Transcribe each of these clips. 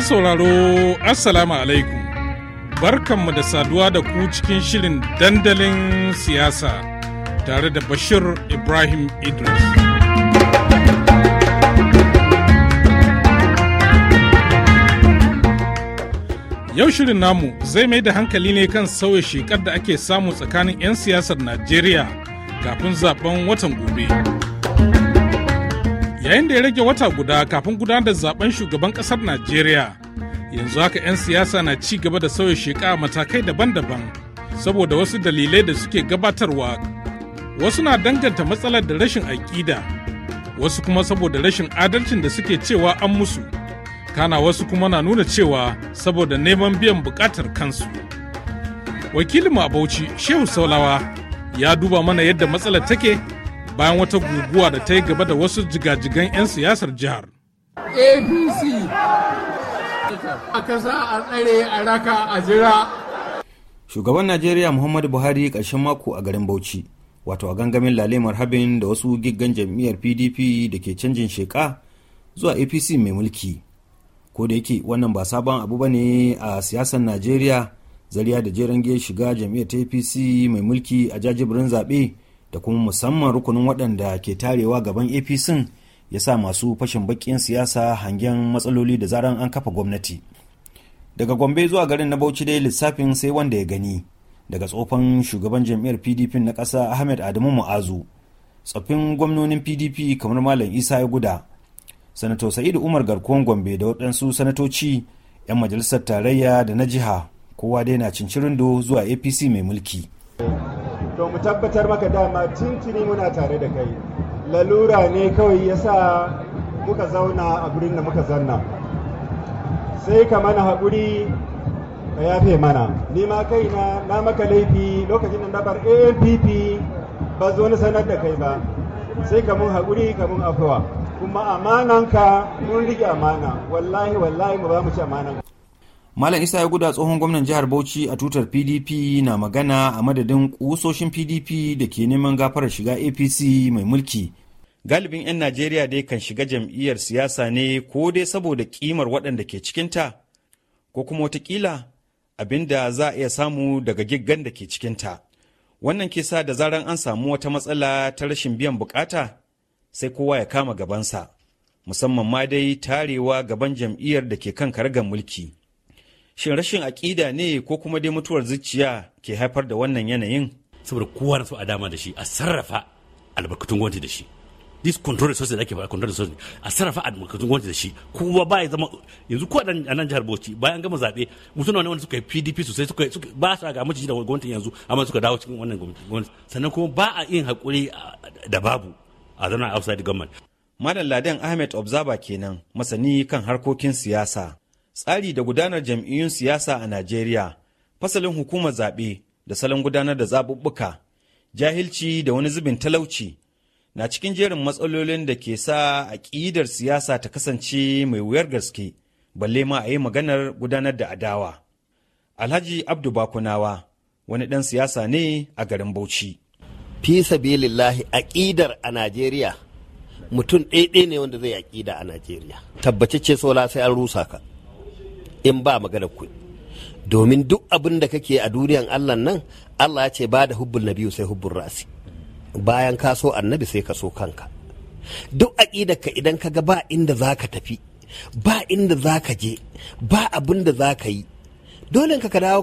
sauraro assalamu alaikum barkanmu da saduwa da ku cikin shirin dandalin siyasa tare da bashir ibrahim idris yau shirin namu zai mai da hankali ne kan sauya shekar da ake samu tsakanin 'yan siyasar najeriya kafin zaben watan gobe. yayin da ya rage wata guda kafin gudanar da zaben shugaban kasar najeriya yanzu haka 'yan siyasa na ci gaba da sauya sheka a matakai daban-daban saboda wasu dalilai da suke gabatarwa wasu na danganta matsalar da rashin aƙida wasu kuma saboda rashin adalcin da suke cewa an musu kana wasu kuma na nuna cewa saboda neman biyan bukatar kansu wakilin a bauchi shehu saulawa ya duba mana yadda matsalar take bayan wata guguwa da ta yi gaba da wasu jigajigan 'yan siyasar jihar. apc a kasa a tsare a raka a jira shugaban najeriya muhammadu buhari ƙarshen mako a garin bauchi wato a gangamin lalemar habin da wasu giggan jam'iyyar pdp da ke canjin sheka zuwa apc mai mulki ko da yake wannan ba sabon abu ba ne a siyasar najeriya zariya da jerange shiga jam'iyyar apc mai mulki a jajibirin zaɓe da kuma musamman rukunin waɗanda ke tarewa gaban apc ya sa masu fashin bakin siyasa hangen matsaloli da zaran an kafa gwamnati daga gombe zuwa garin na bauchi dai lissafin sai wanda ya gani daga tsofan shugaban jam'iyyar pdp na ƙasa ahmed adamu mu'azu tsoffin gwamnonin pdp kamar malam isa ya guda sanato sa'idu umar garkuwan gombe da waɗansu sanatoci 'yan majalisar tarayya da na jiha kowa dai na cincirindo zuwa apc mai mulki to mu tabbatar maka dama tintini muna tare da kai lalura ne kawai ya sa muka zauna a gurin da muka zanna sai ka mana haƙuri ka yafe mana ni ma kaina na maka laifi lokacin da bar ampp ba zo ni sanar da kai ba sai ka mun haƙuri ka mun afuwa kuma amananka mun rike amana wallahi wallahi mu ba mu ci amanan Malam Isa ya guda tsohon gwamnan jihar Bauchi a tutar PDP na magana a madadin kusoshin PDP da ke neman gafarar shiga APC mai mulki. Galibin 'yan Najeriya dai kan shiga jam'iyyar siyasa ne ko dai saboda kimar waɗanda ke cikinta ko kuma watakila abin da za a iya samu daga giggan da ke cikinta. Wannan ke sa da zaran an samu wata matsala ta rashin biyan bukata sai kowa ya kama gabansa, musamman ma dai tarewa gaban jam'iyyar da ke kan kargan mulki. shin rashin aƙida ne ko kuma dai mutuwar zuciya ke haifar da wannan yanayin saboda kowa na so a dama da shi a sarrafa albarkatun gwamnati da shi this control resources da ake faɗa control resources a sarrafa albarkatun gwamnati da shi kowa ba ya zama yanzu ko a nan jihar Bauchi bayan gama zaɓe mutum wani wanda suka yi PDP sosai suka ba sa ga mace da gwamnati yanzu amma suka dawo cikin wannan gwamnati sannan kuma ba a yin haƙuri da babu a zama outside government madalladen Laden Ahmed Observer kenan masani kan harkokin siyasa. tsari da gudanar jam'iyyun siyasa a Najeriya, fasalin hukumar zaɓe da salon gudanar da zaɓuɓɓuka, jahilci da wani zubin talauci na cikin jerin matsalolin da ke sa aƙidar siyasa ta kasance mai wuyar gaske, balle ma a yi maganar gudanar da adawa. Alhaji Abdu Bakunawa, wani ɗan siyasa ne a garin Bauchi. fisa sabilillahi aƙidar a Najeriya mutum ɗaiɗai ne wanda zai aƙida a Najeriya. Tabbace ce sola sai an rusa ka. in ba maganar kuɗi domin duk abin da kake a duniyan Allah nan Allah ya ce ba da hubbul nabiyu sai hubbul rasi bayan ka so annabi sai ka so kanka duk aƙidar ka idan ka ga ba inda za ka tafi ba inda za ka je ba abin da za ka yi dole ka dawo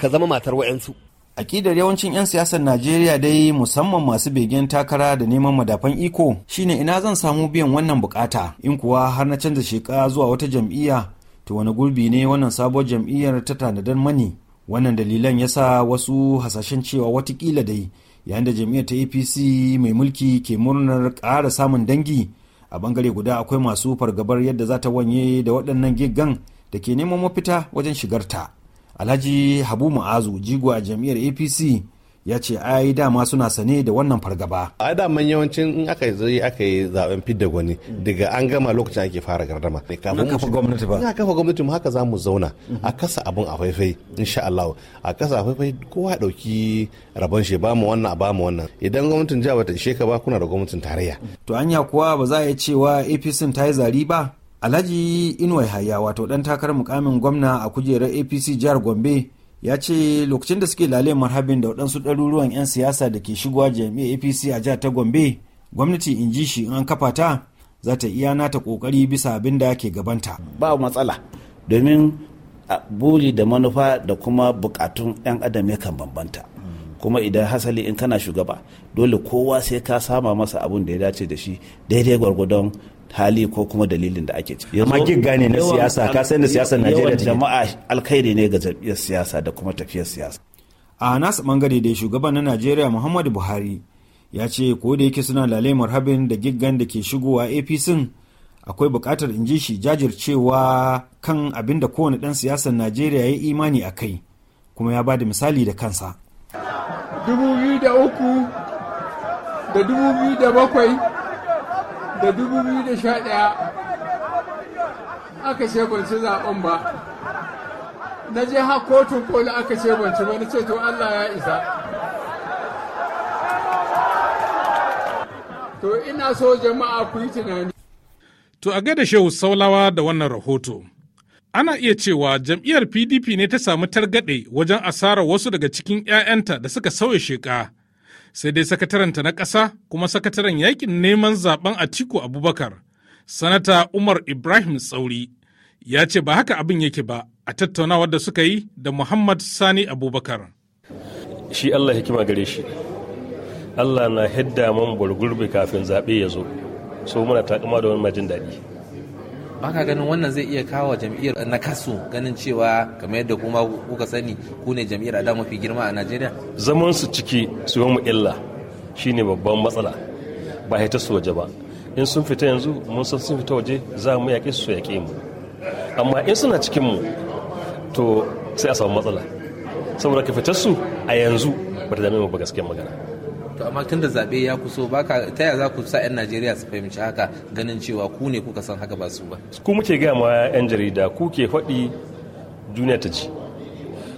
ka zama matar wa'yansu Aƙidar yawancin 'yan siyasar najeriya dai musamman masu begen takara da neman madafan iko shine ina zan samu biyan wannan bukata in kuwa har na canza shekara zuwa wata jam'iyya ta wani gurbi ne wannan sabuwar jam'iyyar ta tanadar mani wannan dalilan ya sa wasu hasashen cewa watakila dai yayin da jam'iyyar ta apc mai mulki ke murnar ƙara samun dangi a bangare guda akwai masu fargabar yadda za ta wanye da waɗannan giggan da ke neman mafita wajen shigarta alhaji habu ma'azu jigo a jam'iyyar apc ya ce ai dama suna sane da wannan fargaba. a daman yawancin in aka yi aka yi zaben fidda gwani daga an gama lokacin ake fara gardama. kafin kafa gwamnati ba. kafa gwamnati mu haka za mu zauna a kasa abun a faifai insha Allah a kasa faifai kowa dauki rabon shi ba mu wannan ba mu wannan idan gwamnatin jiha bata ishe ka ba kuna da gwamnatin tarayya. to anya kuwa ba za a yi cewa APC ta yi zari ba. Alhaji Inuwai hayya wato dan takarar mukamin gwamna a kujerar APC jihar Gombe ya ce lokacin da suke lale marhabin da waɗansu ɗaruruwan 'yan siyasa da ke shigowa jami'a apc a jihar ta gombe gwamnati in ji shi in an kafa ta za ta iya nata ƙoƙari bisa abin da ke gabanta ba matsala domin buri da manufa da kuma bukatun 'yan adam yakan bambanta kuma idan hasali in kana shugaba dole kowa sai ka sama masa abun da ya dace da shi daidai gwargwadon hali ko kuma dalilin da ake ciki amma gigga ne na siyasa ka san da siyasar Najeriya jama'a alkhairi ne ga jam'iyyar siyasa da kuma tafiyar siyasa a nasu bangare da shugaban na Najeriya Muhammadu Buhari ya ce ko da yake suna lalemar habin da giggan da ke shigowa APC akwai bukatar in ji shi jajircewa kan abin da kowane ɗan siyasar Najeriya ya yi imani a kai kuma ya ba da misali da kansa 2003 da 2007 da 2011 aka ce ban ci zaben ba na je ha kotun koli aka ce ban ci ba na ce to Allah ya isa to ina so jama'a ku yi tunani to a gaida shehu saulawa da wannan rahoto Ana iya cewa jam'iyyar PDP ne ta samu targaɗe wajen asarar wasu daga cikin 'ya'yanta da suka sauya sheka Sai dai sakataranta na ƙasa kuma sakataren yakin neman zaben Atiku Abubakar, Sanata Umar Ibrahim Tsauri, ya ce ba haka abin yake ba a tattaunawar da suka yi da Muhammad Sani Abubakar. Shi Allah hikima gare shi, Allah na hidda man gurbi kafin zaɓe ya zo, so muna takama da wani majin daɗi. baka ganin wannan zai iya kawo jam'iyyar na kasu ganin cewa kamar yadda kuma kuka sani ku ne jam'iyyar da mafi girma a najeriya zaman su ciki su yi illa shine babban matsala ba ta su waje ba in sun fita yanzu mun san sun fita waje za mu yaƙe su yaƙe mu amma in suna cikin mu to sai a samu matsala saboda ka fitar su a yanzu ba ta dame mu ba gaskiyar magana to amma tun da zaɓe ya kuso baka ta ya za ku sa 'yan najeriya su fahimci haka ganin cewa ku ne kuka san haka ba su ba ku muke gaya ma 'yan jarida ku ke faɗi duniya ta ci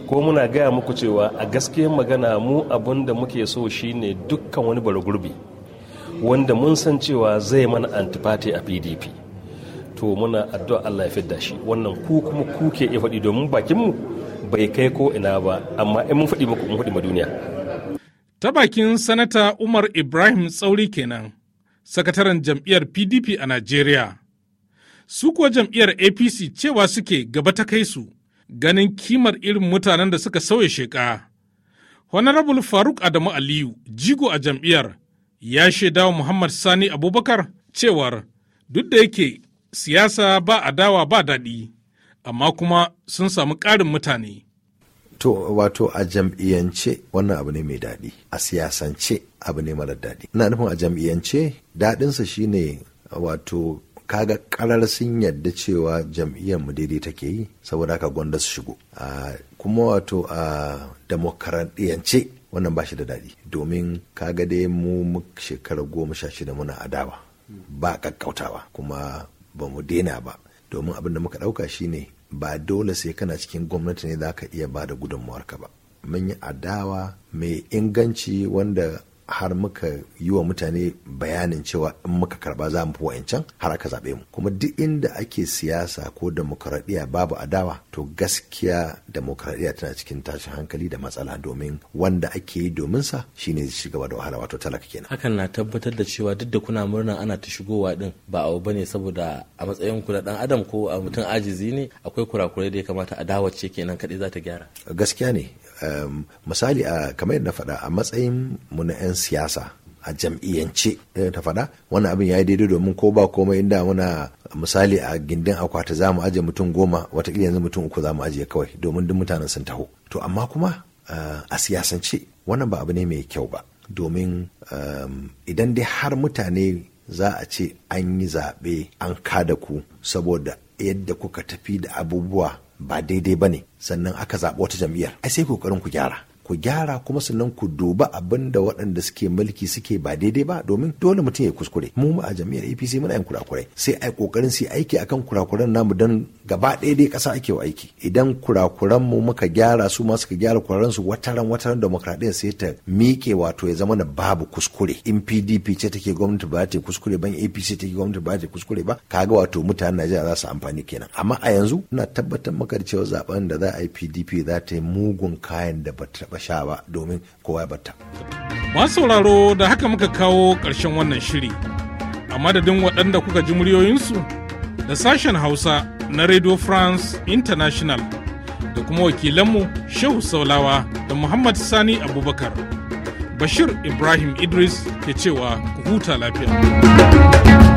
ko muna gaya muku cewa a gaskiyar magana mu abin da muke so shine dukkan wani baragurbi wanda mun san cewa zai mana antifati a pdp to muna addu'a allah ya fidda shi wannan ku kuma ku ke iya faɗi domin bakinmu bai kai ko ina ba amma in mun faɗi muku mun faɗi ma duniya Ta bakin Sanata Umar Ibrahim Tsauri kenan, sakataren jam'iyyar PDP a Najeriya. Su kuwa jam'iyyar APC cewa suke gaba ta kai su, ganin kimar irin mutanen da suka sauya sheƙa. Honorable Faruk Adamu Aliyu, jigo a jam'iyyar, ya shaidawa Muhammad Sani Abubakar cewar duk da yake siyasa ba adawa ba daɗi, amma kuma sun samu ƙarin mutane. To wato a jam'iyyance wannan abu ne mai daɗi, a siyasance abu ne marar daɗi. Ina nufin a jam'iyyance daɗinsa shine wato kaga karar sun yadda cewa jam'iyyar mu daidai take yi saboda haka gwanda su shigo. Kuma wato a demokaradiyyance wannan ba shi da daɗi domin kaga dai mu shekara goma sha shida muna adawa ba kakkautawa kuma ba mu daina ba domin abin da muka ɗauka shine ba dole sai kana cikin gwamnati ne za ka iya ba da gudunmawarka ba mun yi adawa mai inganci wanda har muka yi wa mutane bayanin cewa in muka karba za mu fi wa'incan har aka zaɓe mu kuma duk inda ake siyasa ko demokradiyya babu adawa to gaskiya demokradiyya tana cikin tashin hankali da matsala domin wanda ake yi domin sa shine zai shiga da wahala wato talaka kenan hakan na tabbatar da cewa duk da kuna murna ana ta shigowa din ba abu bane saboda a matsayin ku na dan adam ko a mutum ajizi ne akwai kurakurai da ya kamata adawa ce kenan kadai za ta gyara gaskiya ne misali a kamar yadda na faɗa a matsayin mu na 'yan siyasa a jam'iyyance eh, ta faɗa wannan abin ya yi daidai domin ko ba komai inda muna misali a gindin akwati za mu ajiye mutum goma watakila yanzu mutum uku za mu ajiye kawai domin duk mutanen sun taho to amma kuma a siyasance wannan ba abu ne mai kyau ba domin idan dai har mutane za a ce an yi zaɓe an kada ku saboda yadda kuka tafi da abubuwa ba daidai ba ne sannan aka zaɓi wata jam'iyyar ai sai ƙoƙarin ku gyara ku gyara kuma sannan ku duba abin da waɗanda suke mulki suke ba daidai ba domin dole mutum ya kuskure mu a jami'ar APC muna yin kurakurai sai ai kokarin su aiki akan kurakuran namu dan gaba ɗaya dai ƙasa ake wa aiki idan kurakuran mu muka gyara su ma suka gyara kurakuran su wataran wataran demokradiyyar sai ta miƙe wato ya zama na babu kuskure in PDP ce take gwamnati ba ta kuskure ban APC take gwamnati ba ta kuskure ba kaga wato mutanen Najeriya za su amfani kenan amma a yanzu ina tabbatar maka da cewa zaben da za a yi PDP za ta yi mugun kayan da ba ta sha ba domin kowa ya batta. Masu sauraro da haka muka kawo ƙarshen wannan shiri a madadin waɗanda kuka ji muryoyinsu da sashen Hausa na Radio France International da kuma wakilanmu Shehu Saulawa da Muhammad Sani Abubakar. Bashir Ibrahim Idris ke cewa ku huta lafiya.